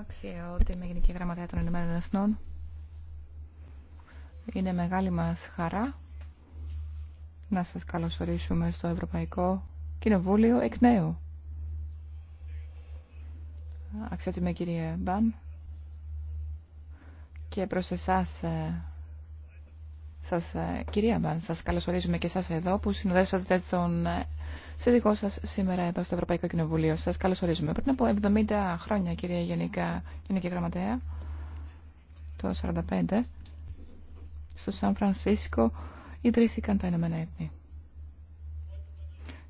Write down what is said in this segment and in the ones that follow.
Αξιότιμη Γενική Γραμματέα των Ηνωμένων Εθνών, είναι μεγάλη μας χαρά να σας καλωσορίσουμε στο Ευρωπαϊκό Κοινοβούλιο εκ νέου. Αξιότιμη κυρία Μπαν, και προς εσάς, ε, σας, ε, κυρία Μπαν, σας καλωσορίζουμε και εσά εδώ που συνοδεύσατε τον ε, σε δικό σας σήμερα εδώ στο Ευρωπαϊκό Κοινοβουλίο. Σας καλωσορίζουμε. Πριν από 70 χρόνια, κυρία Γενικά, Γενική Γραμματέα, το 1945, στο Σαν Φρανσίσκο ιδρύθηκαν τα Ηνωμένα Έθνη.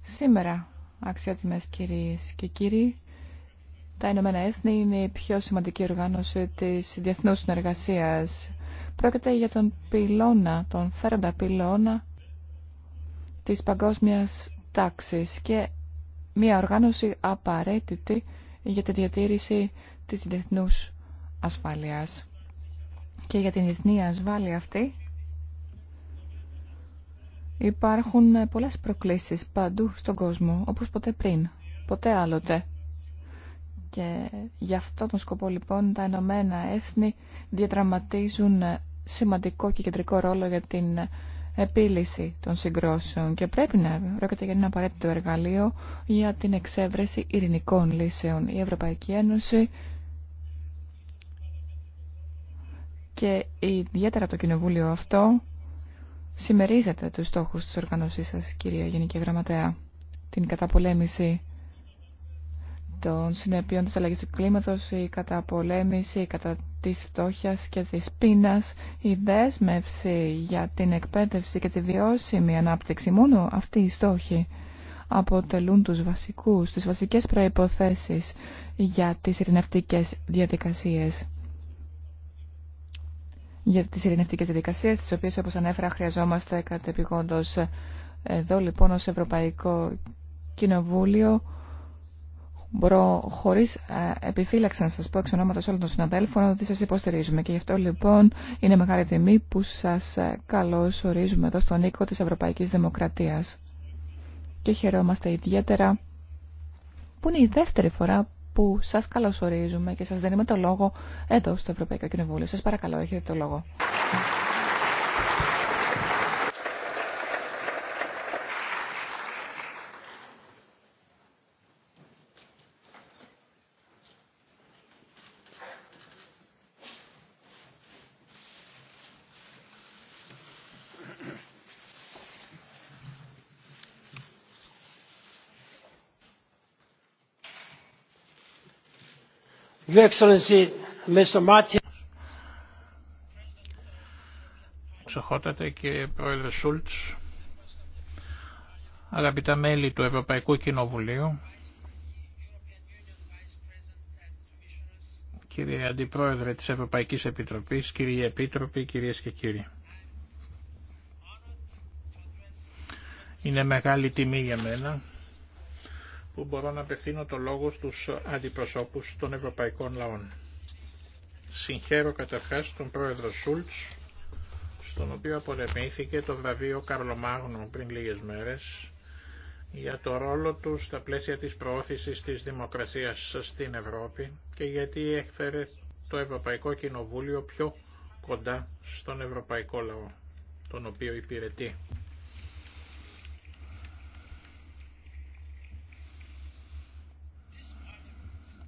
Σήμερα, αξιότιμε κύριε και κύριοι, τα Ηνωμένα Έθνη είναι η πιο σημαντική οργάνωση της διεθνούς συνεργασίας. Πρόκειται για τον πυλώνα, τον φέροντα πυλώνα της παγκόσμιας και μια οργάνωση απαραίτητη για τη διατήρηση της διεθνούς ασφάλειας. Και για την διεθνή ασφάλεια αυτή υπάρχουν πολλές προκλήσεις παντού στον κόσμο, όπως ποτέ πριν, ποτέ άλλοτε. Και γι' αυτό τον σκοπό λοιπόν τα Ηνωμένα Έθνη διατραματίζουν σημαντικό και κεντρικό ρόλο για την επίλυση των συγκρόσεων και πρέπει να πρόκειται για ένα απαραίτητο εργαλείο για την εξέβρεση ειρηνικών λύσεων. Η Ευρωπαϊκή Ένωση και ιδιαίτερα το Κοινοβούλιο αυτό συμμερίζεται τους στόχους της οργανωσής σας, κυρία Γενική Γραμματέα, την καταπολέμηση των συνέπειων της αλλαγής του κλίματος, η καταπολέμηση κατά της φτώχειας και της πείνας, η δέσμευση για την εκπαίδευση και τη βιώσιμη ανάπτυξη, μόνο αυτή οι στόχοι αποτελούν τους βασικούς, τις βασικές προϋποθέσεις για τις ειρηνευτικές διαδικασίες. Για τις ειρηνευτικές διαδικασίες, τις οποίες όπως ανέφερα χρειαζόμαστε κατεπηγόντως εδώ λοιπόν ως Ευρωπαϊκό Κοινοβούλιο μπορώ χωρίς ε, επιφύλαξη να σα πω εξ ονόματο όλων των συναδέλφων ότι σα υποστηρίζουμε και γι' αυτό λοιπόν είναι μεγάλη τιμή που σα ε, καλώς ορίζουμε εδώ στον οίκο τη Ευρωπαϊκή Δημοκρατία. και χαιρόμαστε ιδιαίτερα που είναι η δεύτερη φορά που σας καλωσορίζουμε και σας δίνουμε το λόγο εδώ στο Ευρωπαϊκό Κοινοβούλιο. Σα παρακαλώ, έχετε το λόγο. Your κύριε Πρόεδρε Σούλτς, αγαπητά μέλη του Ευρωπαϊκού Κοινοβουλίου, κύριε Αντιπρόεδρε της Ευρωπαϊκής Επιτροπής, κύριοι Επίτροποι, κυρίες και κύριοι. Είναι μεγάλη τιμή για μένα που μπορώ να απευθύνω το λόγο στους αντιπροσώπους των ευρωπαϊκών λαών. Συγχαίρω καταρχάς τον πρόεδρο Σούλτς, στον οποίο αποδεμήθηκε το βραβείο Καρλομάγνου πριν λίγες μέρες, για το ρόλο του στα πλαίσια της προώθησης της δημοκρασίας στην Ευρώπη και γιατί έφερε το Ευρωπαϊκό Κοινοβούλιο πιο κοντά στον Ευρωπαϊκό λαό, τον οποίο υπηρετεί.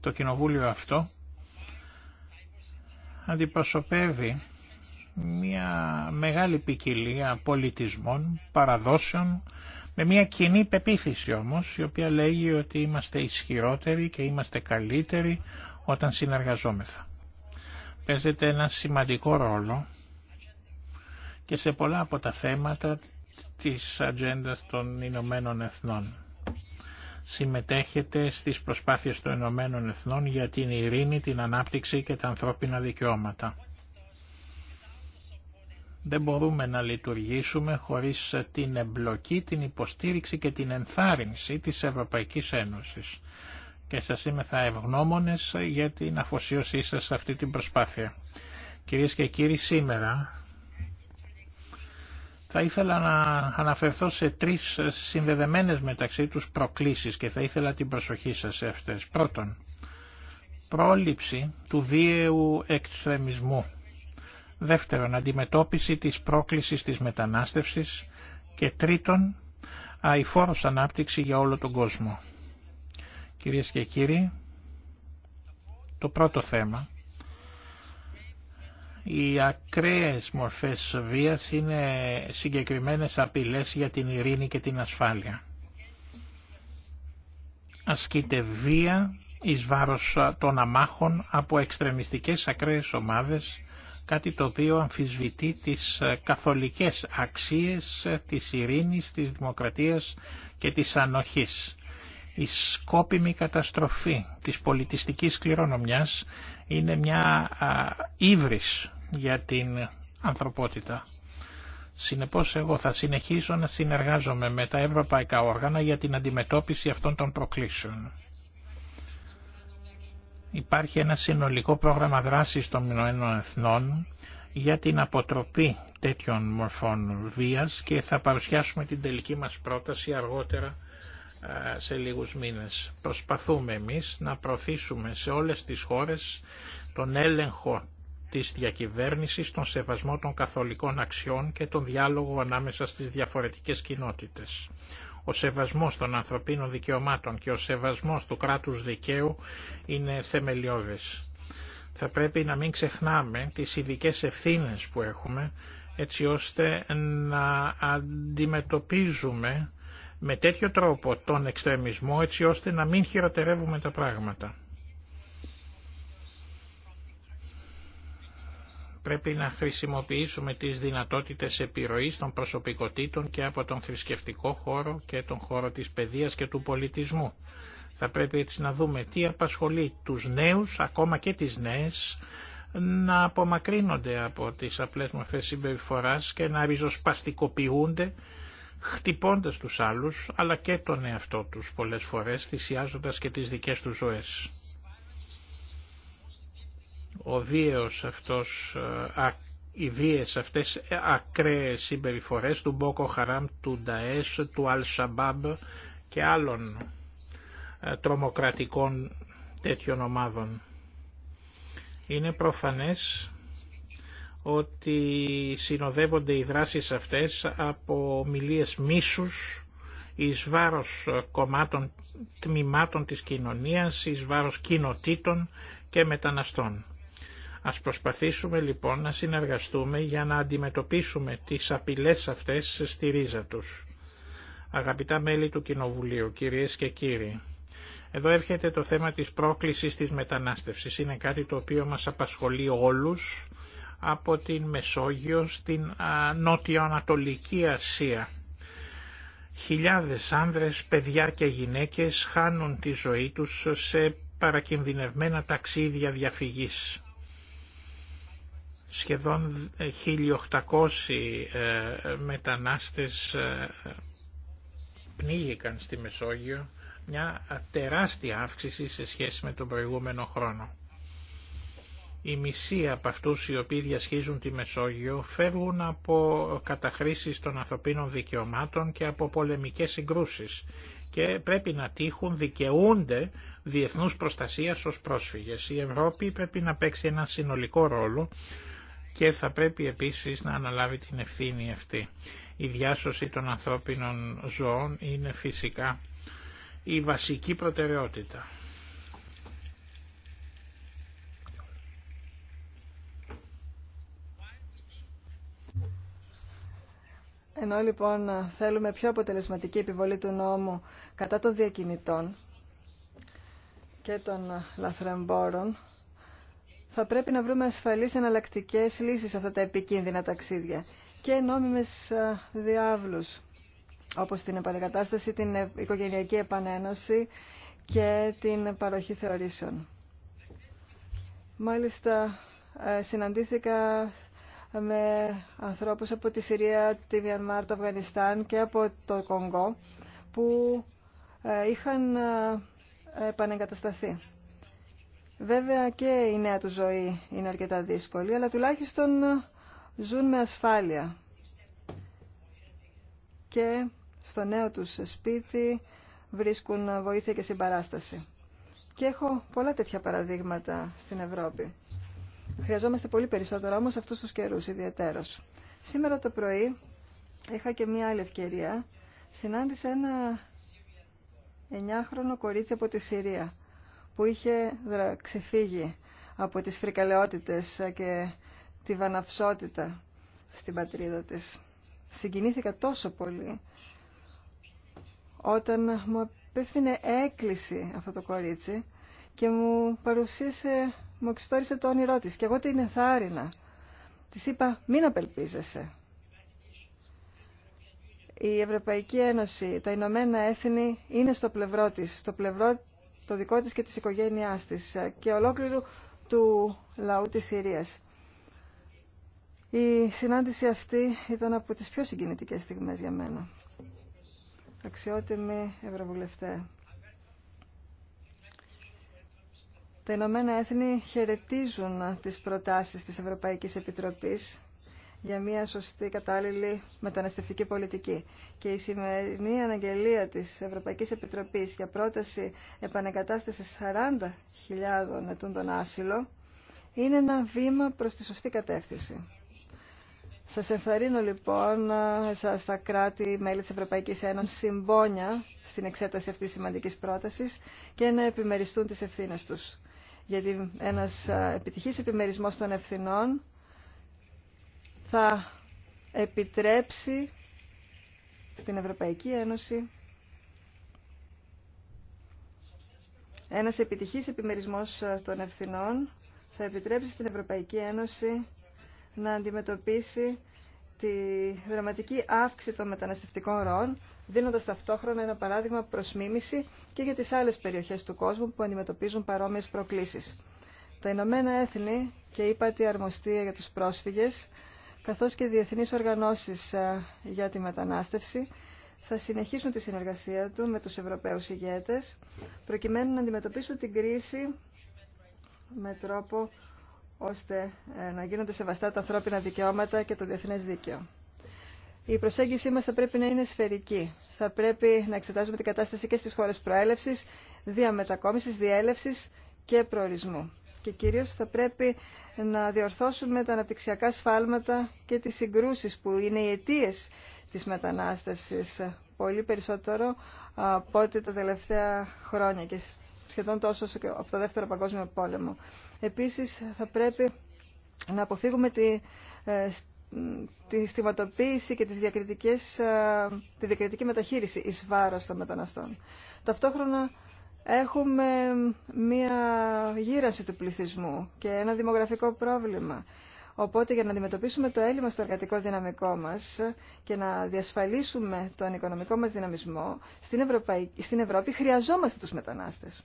το κοινοβούλιο αυτό αντιπροσωπεύει μια μεγάλη ποικιλία πολιτισμών, παραδόσεων, με μια κοινή πεποίθηση όμως, η οποία λέγει ότι είμαστε ισχυρότεροι και είμαστε καλύτεροι όταν συνεργαζόμεθα. Παίζεται ένα σημαντικό ρόλο και σε πολλά από τα θέματα της ατζέντα των Ηνωμένων Εθνών συμμετέχετε στις προσπάθειες των Ηνωμένων Εθνών για την ειρήνη, την ανάπτυξη και τα ανθρώπινα δικαιώματα. Δεν μπορούμε να λειτουργήσουμε χωρίς την εμπλοκή, την υποστήριξη και την ενθάρρυνση της Ευρωπαϊκής Ένωσης. Και σας είμαι θα ευγνώμονες για την αφοσίωσή σας σε αυτή την προσπάθεια. Κυρίες και κύριοι, σήμερα θα ήθελα να αναφερθώ σε τρεις συνδεδεμένες μεταξύ τους προκλήσεις και θα ήθελα την προσοχή σας σε αυτές. Πρώτον, πρόληψη του βίαιου εξτρεμισμού. Δεύτερον, αντιμετώπιση της πρόκλησης της μετανάστευσης. Και τρίτον, αηφόρος ανάπτυξη για όλο τον κόσμο. Κυρίες και κύριοι, το πρώτο θέμα οι ακραίες μορφές βίας είναι συγκεκριμένες απειλές για την ειρήνη και την ασφάλεια. Ασκείται βία εις βάρος των αμάχων από εξτρεμιστικές ακραίες ομάδες, κάτι το οποίο αμφισβητεί τις καθολικές αξίες της ειρήνης, της δημοκρατίας και της ανοχής η σκόπιμη καταστροφή της πολιτιστικής κληρονομιάς είναι μια ύβρις για την ανθρωπότητα. Συνεπώς εγώ θα συνεχίσω να συνεργάζομαι με τα ευρωπαϊκά όργανα για την αντιμετώπιση αυτών των προκλήσεων. Υπάρχει ένα συνολικό πρόγραμμα δράσης των Ηνωμένων Εθνών για την αποτροπή τέτοιων μορφών βίας και θα παρουσιάσουμε την τελική μας πρόταση αργότερα ε, σε λίγους μήνες. Προσπαθούμε εμείς να προωθήσουμε σε όλες τις χώρες τον έλεγχο της διακυβέρνησης, τον σεβασμό των καθολικών αξιών και τον διάλογο ανάμεσα στις διαφορετικές κοινότητες. Ο σεβασμός των ανθρωπίνων δικαιωμάτων και ο σεβασμός του κράτους δικαίου είναι θεμελιώδες. Θα πρέπει να μην ξεχνάμε τις ειδικέ ευθύνες που έχουμε έτσι ώστε να αντιμετωπίζουμε με τέτοιο τρόπο τον εξτρεμισμό έτσι ώστε να μην χειροτερεύουμε τα πράγματα. Πρέπει να χρησιμοποιήσουμε τις δυνατότητες επιρροής των προσωπικότητων και από τον θρησκευτικό χώρο και τον χώρο της παιδείας και του πολιτισμού. Θα πρέπει έτσι να δούμε τι απασχολεί τους νέους, ακόμα και τις νέες, να απομακρύνονται από τις απλές μορφές συμπεριφοράς και να ριζοσπαστικοποιούνται χτυπώντας τους άλλους αλλά και τον εαυτό τους πολλές φορές θυσιάζοντας και τις δικές τους ζωές. Ο βίαιος αυτός, ε, οι βίες αυτές ακραίες συμπεριφορές του Μπόκο Χαράμ, του Νταές, του Αλ Σαμπάμπ και άλλων ε, τρομοκρατικών τέτοιων ομάδων. Είναι προφανές ότι συνοδεύονται οι δράσεις αυτές από μιλίες μίσους εις βάρος κομμάτων, τμήματων της κοινωνίας, εις βάρος κοινοτήτων και μεταναστών. Ας προσπαθήσουμε λοιπόν να συνεργαστούμε για να αντιμετωπίσουμε τις απειλές αυτές στη ρίζα τους. Αγαπητά μέλη του Κοινοβουλίου, κυρίες και κύριοι, εδώ έρχεται το θέμα της πρόκλησης της μετανάστευσης. Είναι κάτι το οποίο μας απασχολεί όλους από την Μεσόγειο στην Νότιο-Ανατολική Ασία. Χιλιάδες άνδρες, παιδιά και γυναίκες χάνουν τη ζωή τους σε παρακινδυνευμένα ταξίδια διαφυγής. Σχεδόν 1.800 ε, μετανάστες ε, πνίγηκαν στη Μεσόγειο, μια τεράστια αύξηση σε σχέση με τον προηγούμενο χρόνο οι μισοί από αυτού οι οποίοι διασχίζουν τη Μεσόγειο φεύγουν από καταχρήσεις των ανθρωπίνων δικαιωμάτων και από πολεμικές συγκρούσεις και πρέπει να τύχουν, δικαιούνται διεθνούς προστασίας ως πρόσφυγες. Η Ευρώπη πρέπει να παίξει ένα συνολικό ρόλο και θα πρέπει επίσης να αναλάβει την ευθύνη αυτή. Η διάσωση των ανθρώπινων ζώων είναι φυσικά η βασική προτεραιότητα. Ενώ λοιπόν θέλουμε πιο αποτελεσματική επιβολή του νόμου κατά των διακινητών και των λαθρεμπόρων, θα πρέπει να βρούμε ασφαλείς εναλλακτικές λύσεις σε αυτά τα επικίνδυνα ταξίδια και νόμιμες διάβλους, όπως την επανεκατάσταση, την ε, οικογενειακή επανένωση και την παροχή θεωρήσεων. Μάλιστα, ε, συναντήθηκα με ανθρώπους από τη Συρία, τη Βιανμάρ, το Αφγανιστάν και από το Κονγκό που ε, είχαν ε, επανεγκατασταθεί. Βέβαια και η νέα του ζωή είναι αρκετά δύσκολη, αλλά τουλάχιστον ε, ζουν με ασφάλεια. Και στο νέο τους σπίτι βρίσκουν βοήθεια και συμπαράσταση. Και έχω πολλά τέτοια παραδείγματα στην Ευρώπη. Χρειαζόμαστε πολύ περισσότερο όμως αυτούς τους καιρούς ιδιαίτερος. Σήμερα το πρωί είχα και μια άλλη ευκαιρία. Συνάντησα ένα κορίτσι από τη Συρία που είχε ξεφύγει από τις φρικαλαιότητες και τη βαναυσότητα στην πατρίδα της. Συγκινήθηκα τόσο πολύ όταν μου απέφθινε έκκληση αυτό το κορίτσι και μου παρουσίασε μου εξιστόρισε το όνειρό της και εγώ την ενθάρρυνα. Της είπα μην απελπίζεσαι. Η Ευρωπαϊκή Ένωση, τα Ηνωμένα Έθνη είναι στο πλευρό της, στο πλευρό το δικό της και της οικογένειάς της και ολόκληρου του λαού της Συρίας. Η συνάντηση αυτή ήταν από τις πιο συγκινητικές στιγμές για μένα. Αξιότιμη Ευρωβουλευτέ, Τα Ηνωμένα Έθνη χαιρετίζουν τις προτάσεις της Ευρωπαϊκής Επιτροπής για μια σωστή κατάλληλη μεταναστευτική πολιτική. Και η σημερινή αναγγελία της Ευρωπαϊκής Επιτροπής για πρόταση επανεκατάστασης 40.000 τον άσυλο είναι ένα βήμα προς τη σωστή κατεύθυνση. Σας ενθαρρύνω λοιπόν σας τα κράτη μέλη της Ευρωπαϊκής Ένωσης συμπόνια στην εξέταση αυτής της σημαντικής πρότασης και να επιμεριστούν τις ευθύνες τους γιατί ένας επιτυχής επιμερισμός των ευθυνών θα επιτρέψει στην Ευρωπαϊκή Ένωση ένας επιτυχής επιμερισμός των ευθυνών θα επιτρέψει στην Ευρωπαϊκή Ένωση να αντιμετωπίσει τη δραματική αύξηση των μεταναστευτικών ροών δίνοντα ταυτόχρονα ένα παράδειγμα προ μίμηση και για τι άλλε περιοχέ του κόσμου που αντιμετωπίζουν παρόμοιε προκλήσει. Τα Ηνωμένα Έθνη και η ΥΠΑΤΗ Αρμοστία για του πρόσφυγες, καθώ και διεθνεί οργανώσει ε, για τη μετανάστευση, θα συνεχίσουν τη συνεργασία του με τους Ευρωπαίους ηγέτες, προκειμένου να αντιμετωπίσουν την κρίση με τρόπο ώστε ε, να γίνονται σεβαστά τα ανθρώπινα δικαιώματα και το διεθνές δίκαιο. Η προσέγγιση μας θα πρέπει να είναι σφαιρική. Θα πρέπει να εξετάζουμε την κατάσταση και στις χώρες προέλευσης, διαμετακόμισης, διέλευσης και προορισμού. Και κυρίως θα πρέπει να διορθώσουμε τα αναπτυξιακά σφάλματα και τις συγκρούσεις που είναι οι αιτίε της μετανάστευσης. Πολύ περισσότερο από ό,τι τα τελευταία χρόνια και σχεδόν τόσο από το Δεύτερο Παγκόσμιο Πόλεμο. Επίσης θα πρέπει να αποφύγουμε τη, ε, τη στιγματοποίηση και τις διακριτικές, ε, τη διακριτική μεταχείριση εις βάρος των μεταναστών. Ταυτόχρονα έχουμε μία γύραση του πληθυσμού και ένα δημογραφικό πρόβλημα. Οπότε για να αντιμετωπίσουμε το έλλειμμα στο εργατικό δυναμικό μας και να διασφαλίσουμε τον οικονομικό μας δυναμισμό, στην, στην Ευρώπη χρειαζόμαστε τους μετανάστες.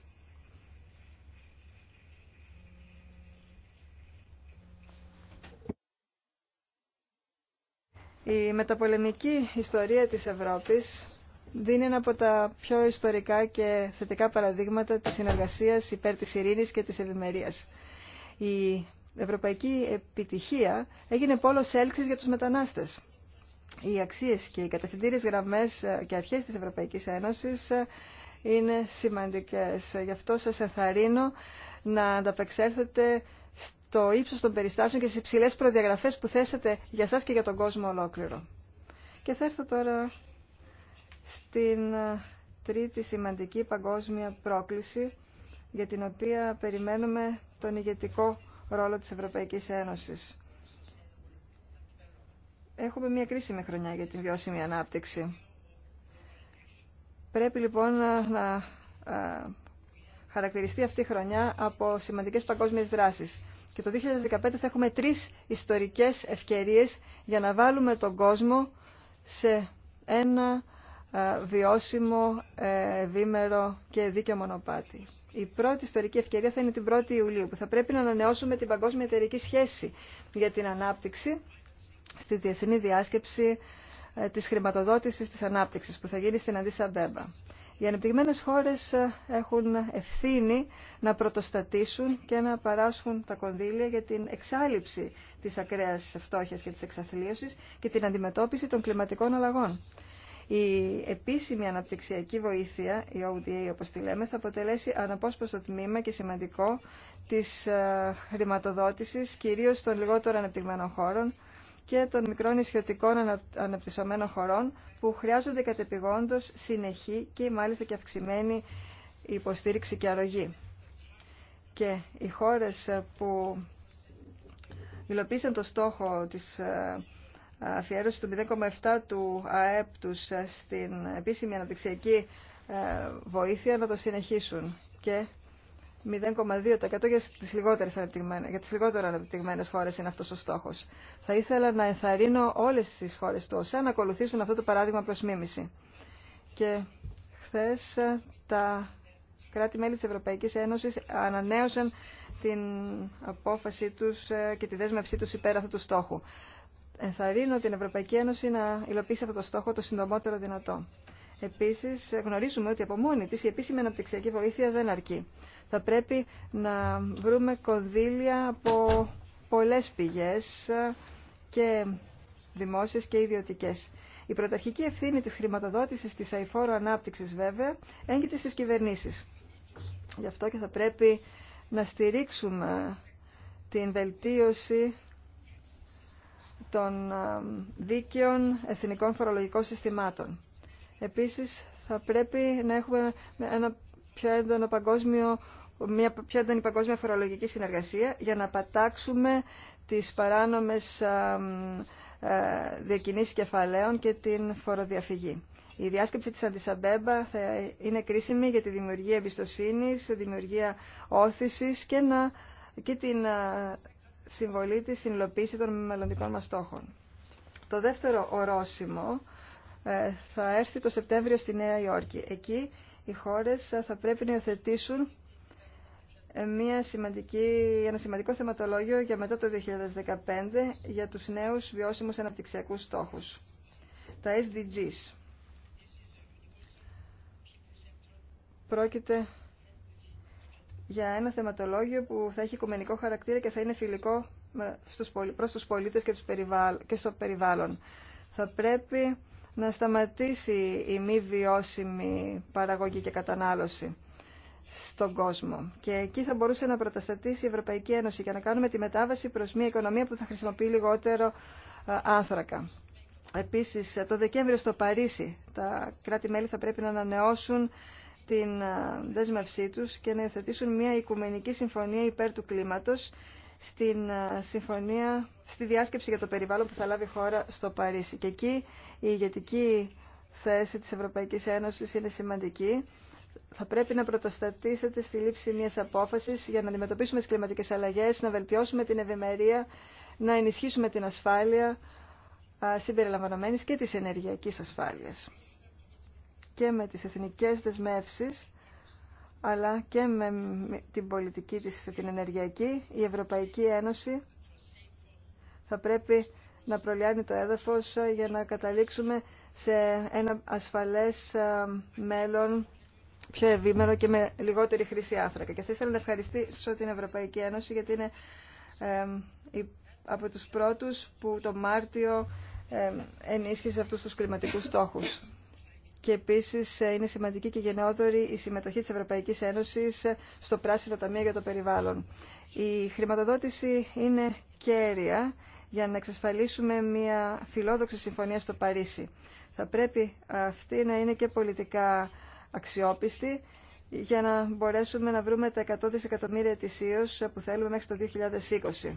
Η μεταπολεμική ιστορία της Ευρώπης δίνει ένα από τα πιο ιστορικά και θετικά παραδείγματα της συνεργασίας υπέρ της ειρήνης και της ευημερίας. Η ευρωπαϊκή επιτυχία έγινε πόλος έλξης για τους μετανάστες. Οι αξίες και οι κατευθυντήριες γραμμές και αρχές της Ευρωπαϊκής Ένωσης είναι σημαντικές. Γι' αυτό σας ενθαρρύνω να ανταπεξέλθετε το ύψο των περιστάσεων και τι υψηλέ προδιαγραφές που θέσατε για σας και για τον κόσμο ολόκληρο. Και θα έρθω τώρα στην ε, τρίτη σημαντική παγκόσμια πρόκληση για την οποία περιμένουμε τον ηγετικό ρόλο της Ευρωπαϊκής Ένωσης. Έχουμε μια κρίσιμη χρονιά για την βιώσιμη ανάπτυξη. Πρέπει λοιπόν ε, να ε, χαρακτηριστεί αυτή η χρονιά από σημαντικές παγκόσμιες δράσεις. Και το 2015 θα έχουμε τρεις ιστορικές ευκαιρίες για να βάλουμε τον κόσμο σε ένα βιώσιμο, ε, ευήμερο και δίκαιο μονοπάτι. Η πρώτη ιστορική ευκαιρία θα είναι την 1η Ιουλίου, που θα πρέπει να ανανεώσουμε την παγκόσμια εταιρική σχέση για την ανάπτυξη στη διεθνή διάσκεψη ε, της χρηματοδότησης της ανάπτυξης που θα γίνει στην Αντίσα Μπέμπα. Οι ανεπτυγμένες χώρες ε, έχουν ευθύνη να πρωτοστατήσουν και να παράσχουν τα κονδύλια για την εξάλληψη της ακραίας φτώχειας και της εξαθλίωσης και την αντιμετώπιση των κλιματικών αλλαγών. Η επίσημη αναπτυξιακή βοήθεια, η ODA όπως τη λέμε, θα αποτελέσει αναπόσπαστο τμήμα και σημαντικό της ε, χρηματοδότησης κυρίως των λιγότερο ανεπτυγμένων χώρων και των μικρών νησιωτικών αναπτυσσομένων χωρών που χρειάζονται κατεπηγόντως συνεχή και μάλιστα και αυξημένη υποστήριξη και αρρωγή. Και οι χώρες που υλοποίησαν το στόχο της ε, αφιέρωσης του 0,7 του ΑΕΠ τους ε, στην επίσημη αναπτυξιακή ε, βοήθεια να το συνεχίσουν και 0,2% για τις, λιγότερες λιγότερο αναπτυγμένες χώρες είναι αυτός ο στόχος. Θα ήθελα να ενθαρρύνω όλες τις χώρες του ΩΣΑ να ακολουθήσουν αυτό το παράδειγμα προς μίμηση. Και χθε ε, τα κράτη-μέλη της Ευρωπαϊκής Ένωσης ανανέωσαν την απόφαση τους ε, και τη δέσμευσή τους υπέρ αυτού του στόχου. Ενθαρρύνω την Ευρωπαϊκή Ένωση να υλοποιήσει αυτό το στόχο το συντομότερο δυνατό. Επίσης, γνωρίζουμε ότι από μόνη της η επίσημη αναπτυξιακή βοήθεια δεν αρκεί. Θα πρέπει να βρούμε κονδύλια από πολλές πηγές και δημόσιες και ιδιωτικές. Η πρωταρχική ευθύνη της χρηματοδότησης της αηφόρου ανάπτυξης βέβαια έγκυται στις κυβερνήσεις. Γι' αυτό και θα πρέπει να στηρίξουμε την βελτίωση των δίκαιων εθνικών φορολογικών συστημάτων. Επίσης θα πρέπει να έχουμε ένα πιο έντονο παγκόσμιο μια πιο έντονη παγκόσμια φορολογική συνεργασία για να πατάξουμε τις παράνομες ε, διακινήσεις κεφαλαίων και την φοροδιαφυγή. Η διάσκεψη της Αντισαμπέμπα θα είναι κρίσιμη για τη δημιουργία εμπιστοσύνης, τη δημιουργία όθησης και, να, και την συμβολή της στην υλοποίηση των μελλοντικών μας στόχων. Το δεύτερο ορόσημο ε, θα έρθει το Σεπτέμβριο στη Νέα Υόρκη. Εκεί οι χώρες ε, θα πρέπει να υιοθετήσουν ε, μια σημαντική, ένα σημαντικό θεματολόγιο για μετά το 2015 για τους νέους βιώσιμους αναπτυξιακούς στόχους, τα SDGs. Πρόκειται για ένα θεματολόγιο που θα έχει οικουμενικό χαρακτήρα και θα είναι φιλικό στους, προς τους πολίτες και στο περιβάλλον. Θα πρέπει να σταματήσει η μη βιώσιμη παραγωγή και κατανάλωση στον κόσμο. Και εκεί θα μπορούσε να προταστατήσει η Ευρωπαϊκή Ένωση για να κάνουμε τη μετάβαση προς μια οικονομία που θα χρησιμοποιεί λιγότερο ε, άνθρακα. Επίσης, το Δεκέμβριο στο Παρίσι τα κράτη-μέλη θα πρέπει να ανανεώσουν την ε, δέσμευσή τους και να υιοθετήσουν μια οικουμενική συμφωνία υπέρ του κλίματος στην ε, συμφωνία, στη διάσκεψη για το περιβάλλον που θα λάβει η χώρα στο Παρίσι. Και εκεί η ηγετική θέση της Ευρωπαϊκής Ένωσης είναι σημαντική. Θα πρέπει να πρωτοστατήσετε στη λήψη μιας απόφασης για να αντιμετωπίσουμε τις κλιματικές αλλαγές, να βελτιώσουμε την ευημερία, να ενισχύσουμε την ασφάλεια συμπεριλαμβανομένης και της ενεργειακής ασφάλειας. Και με τις εθνικές δεσμεύσεις αλλά και με την πολιτική της, την ενεργειακή, η Ευρωπαϊκή Ένωση θα πρέπει να προλιάνει το έδαφος ε, για να καταλήξουμε σε ένα ασφαλές ε, μέλλον πιο ευήμερο και με λιγότερη χρήση άθρακα. Και θα ήθελα να ευχαριστήσω την Ευρωπαϊκή Ένωση γιατί είναι ε, από τους πρώτους που το Μάρτιο ενίσχυσε αυτούς τους κλιματικούς στόχους και επίσης ε, είναι σημαντική και γενναιόδορη η συμμετοχή της Ευρωπαϊκής Ένωσης στο Πράσινο Ταμείο για το Περιβάλλον. Η χρηματοδότηση είναι κέρια για να εξασφαλίσουμε μια φιλόδοξη συμφωνία στο Παρίσι. Θα πρέπει αυτή να είναι και πολιτικά αξιόπιστη για να μπορέσουμε να βρούμε τα 100 δισεκατομμύρια ετησίως που θέλουμε μέχρι το 2020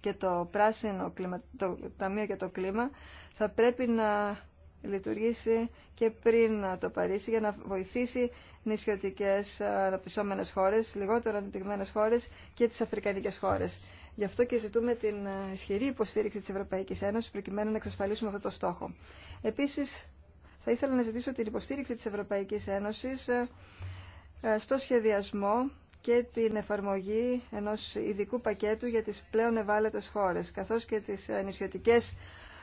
και το πράσινο το Ταμείο για το Κλίμα θα πρέπει να λειτουργήσει και πριν το Παρίσι για να βοηθήσει νησιωτικές ε, αναπτυσσόμενες χώρες, λιγότερο αναπτυγμένες χώρες και τις αφρικανικές χώρες. Γι' αυτό και ζητούμε την ε, ισχυρή υποστήριξη της Ευρωπαϊκής Ένωσης προκειμένου να εξασφαλίσουμε αυτό το στόχο. Επίσης, θα ήθελα να ζητήσω την υποστήριξη της Ευρωπαϊκής Ένωσης ε, στο σχεδιασμό και την εφαρμογή ενός ειδικού πακέτου για τις πλέον ευάλωτες χώρες, καθώς και τις νησιωτικές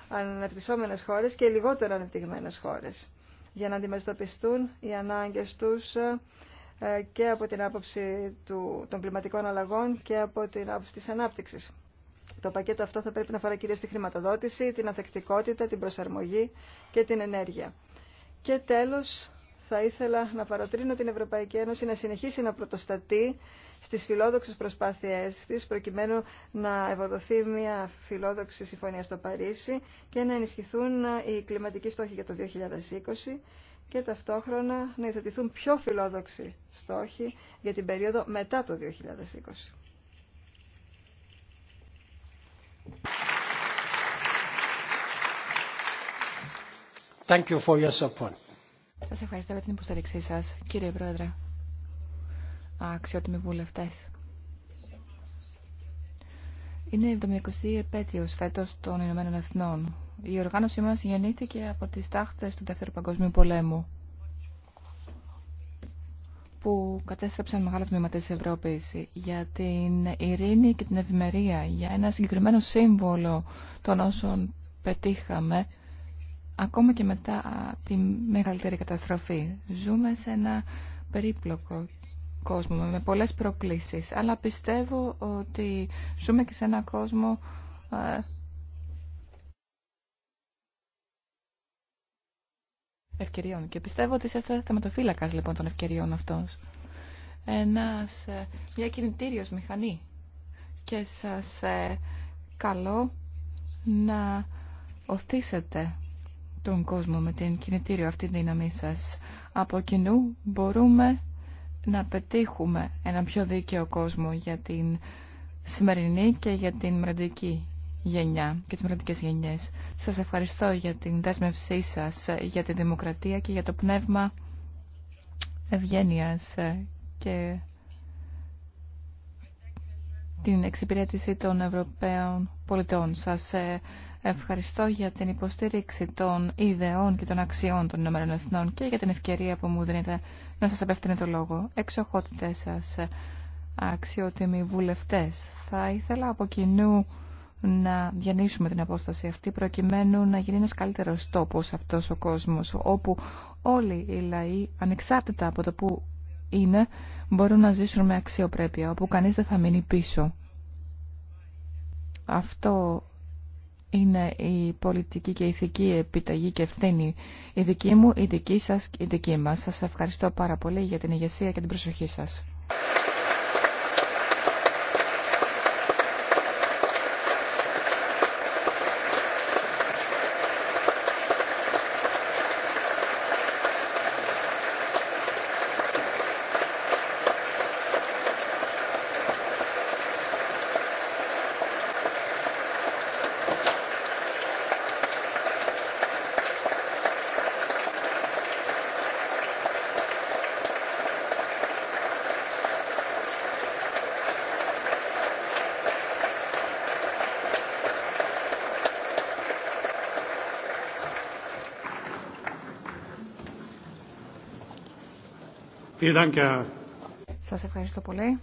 αναπτυσσόμενες χώρες και λιγότερο ανεπτυγμένες χώρες για να αντιμετωπιστούν οι ανάγκες τους ε, και από την άποψη του, των κλιματικών αλλαγών και από την άποψη της ανάπτυξης. Το πακέτο αυτό θα πρέπει να αφορά κυρίως τη χρηματοδότηση, την ανθεκτικότητα, την προσαρμογή και την ενέργεια. Και τέλος, θα ήθελα να παροτρύνω την Ευρωπαϊκή Ένωση να συνεχίσει να πρωτοστατεί στις φιλόδοξες προσπάθειές της προκειμένου να ευοδοθεί μια φιλόδοξη συμφωνία στο Παρίσι και να ενισχυθούν οι κλιματικοί στόχοι για το 2020 και ταυτόχρονα να υιοθετηθούν πιο φιλόδοξοι στόχοι για την περίοδο μετά το 2020. Thank you for your support. Σας ευχαριστώ για την υποστήριξή σας, κύριε Πρόεδρε. Αξιότιμοι βουλευτές. Είναι η 70η επέτειος φέτος των Ηνωμένων Εθνών. Η οργάνωσή μας γεννήθηκε από τις τάχτες του Δεύτερου Παγκοσμίου Πολέμου που κατέστρεψαν μεγάλα τμήματα της Ευρώπης για την ειρήνη και την ευημερία, για ένα συγκεκριμένο σύμβολο των όσων πετύχαμε ακόμα και μετά τη μεγαλύτερη καταστροφή. Ζούμε σε ένα περίπλοκο κόσμο με πολλές προκλήσεις, αλλά πιστεύω ότι ζούμε και σε ένα κόσμο ευκαιριών και πιστεύω ότι είστε θεματοφύλακας λοιπόν των ευκαιριών αυτών. Ένας, μια ε, μηχανή και σας ε, καλώ να οθήσετε τον κόσμο με την κινητήριο αυτή δύναμή σας. Από κοινού μπορούμε να πετύχουμε έναν πιο δίκαιο κόσμο για την σημερινή και για την μεραντική γενιά και τις μελλοντικές γενιές. Σας ευχαριστώ για την δέσμευσή σας, για τη δημοκρατία και για το πνεύμα ευγένειας ε, και την εξυπηρέτηση των Ευρωπαίων πολιτών. Σας ε, ευχαριστώ για την υποστήριξη των ιδεών και των αξιών των Ηνωμένων Εθνών και για την ευκαιρία που μου δίνετε να σας απευθύνω το λόγο. Εξοχότητες σας, ε, αξιότιμοι βουλευτές. Θα ήθελα από κοινού να διανύσουμε την απόσταση αυτή προκειμένου να γίνει ένας καλύτερος τόπος αυτός ο κόσμος όπου όλοι οι λαοί ανεξάρτητα από το που είναι μπορούν να ζήσουν με αξιοπρέπεια, όπου κανείς δεν θα μείνει πίσω. Αυτό είναι η πολιτική και ηθική επιταγή και ευθύνη. Η δική μου, η δική σας, η δική μας. Σας ευχαριστώ πάρα πολύ για την ηγεσία και την προσοχή σας. Σας ευχαριστώ πολύ,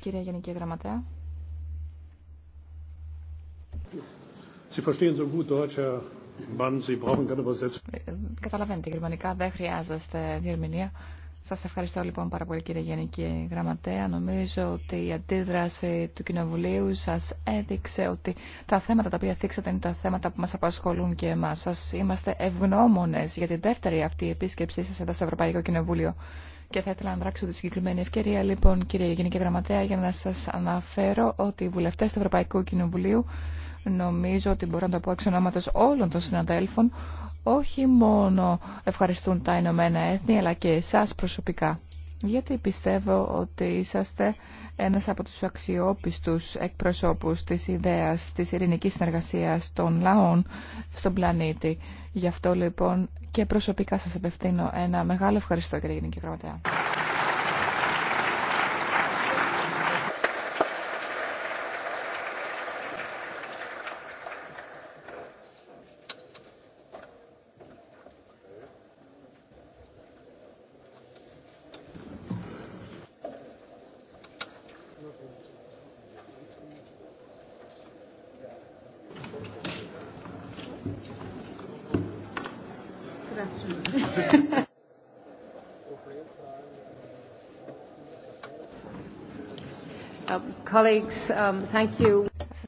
κύριε Γενική Γραμματέα. Καταλαβαίνετε γερμανικά, δεν χρειάζεστε διερμηνία. Σας ευχαριστώ λοιπόν πάρα πολύ κύριε Γενική Γραμματέα. Νομίζω ότι η αντίδραση του Κοινοβουλίου σας έδειξε ότι τα θέματα τα οποία θίξατε είναι τα θέματα που μας απασχολούν και εμάς. Σας είμαστε ευγνώμονες για την δεύτερη αυτή επίσκεψή σας εδώ στο Ευρωπαϊκό Κοινοβούλιο. Και θα ήθελα να δράξω τη συγκεκριμένη ευκαιρία, λοιπόν, κύριε Γενική Γραμματέα, για να σας αναφέρω ότι οι βουλευτές του Ευρωπαϊκού Κοινοβουλίου, νομίζω ότι μπορώ να το πω εξ όλων των συναδέλφων, όχι μόνο ευχαριστούν τα Ηνωμένα Έθνη, αλλά και εσάς προσωπικά γιατί πιστεύω ότι είσαστε ένας από τους αξιόπιστους εκπροσώπους της ιδέας της ειρηνικής συνεργασίας των λαών στον πλανήτη. Γι' αυτό λοιπόν και προσωπικά σας απευθύνω ένα μεγάλο ευχαριστώ κύριε Γενική Γραμματέα. colleagues, thank you.